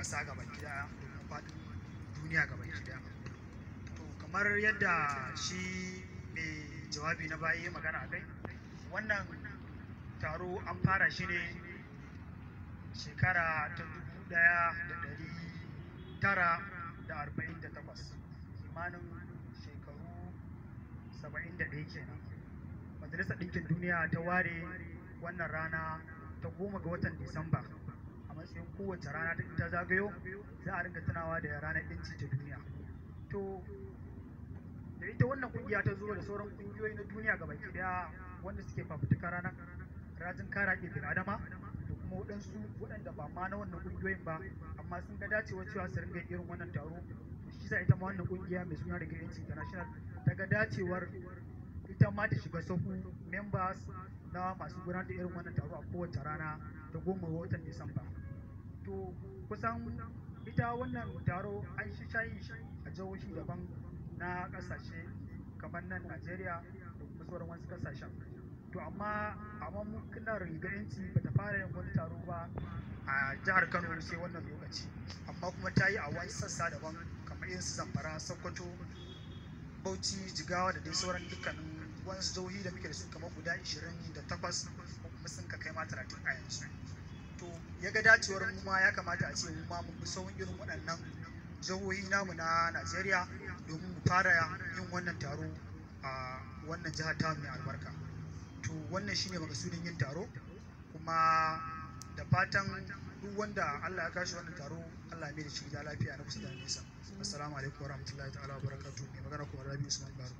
Kasa gaba gida domin faɗin duniya gaba gida to kamar yadda shi mai jawabi na baya ya magana a kai wannan taro an fara shi ne shekara ta dubu ɗaya da dari tara da arba'in da takwas kimanin shekaru saba'in da ɗaya kenan majalisar ɗinkin duniya ta ware wannan rana ta goma ga watan disamba sai kowace rana duk ta zagayo za a ringa tunawa da ranar yanci ta duniya to da ita wannan kungiya ta zo da sauran kungiyoyi na duniya ga baki daya wanda suke fafutuka ranar rajin kara ke bin adama da kuma waɗansu waɗanda ba ma na wannan kungiyoyin ba amma sun ga dacewa cewa su ringa irin wannan taro shi sa ita ma wannan kungiya mai suna daga yanci international ta ga dacewar ita ma ta shiga sahu members na masu gudanar da irin wannan taro a kowace rana ta goma watan disamba kusan ita wannan taro an shi shayi a jihohi daban na kasashe kamar nan najeriya da kuma sauran wasu kasashen to amma amma mun kina riga yanci ba ta fara yin wani taro ba a jihar kano sai wannan lokaci amma kuma ta yi a wani sassa daban kamar yin su zamfara sokoto bauchi jigawa da dai sauran dukkanin wasu jihohi da muke da su kamar guda 28 kuma sun ka kai ma 30 a yanzu to ya ga dacewar mu ma ya kamata a ce mu ma mun bi sauran irin waɗannan jihohi namu na Najeriya domin mu fara yin wannan taro a wannan jihar ta mai albarka to wannan shine makasudin yin taro kuma da fatan duk wanda Allah ya kashi wannan taro Allah ya mai da shi gida lafiya na kusa da nesa assalamu alaikum warahmatullahi ta'ala wabarakatuh mai magana kuma Rabi Usman Baro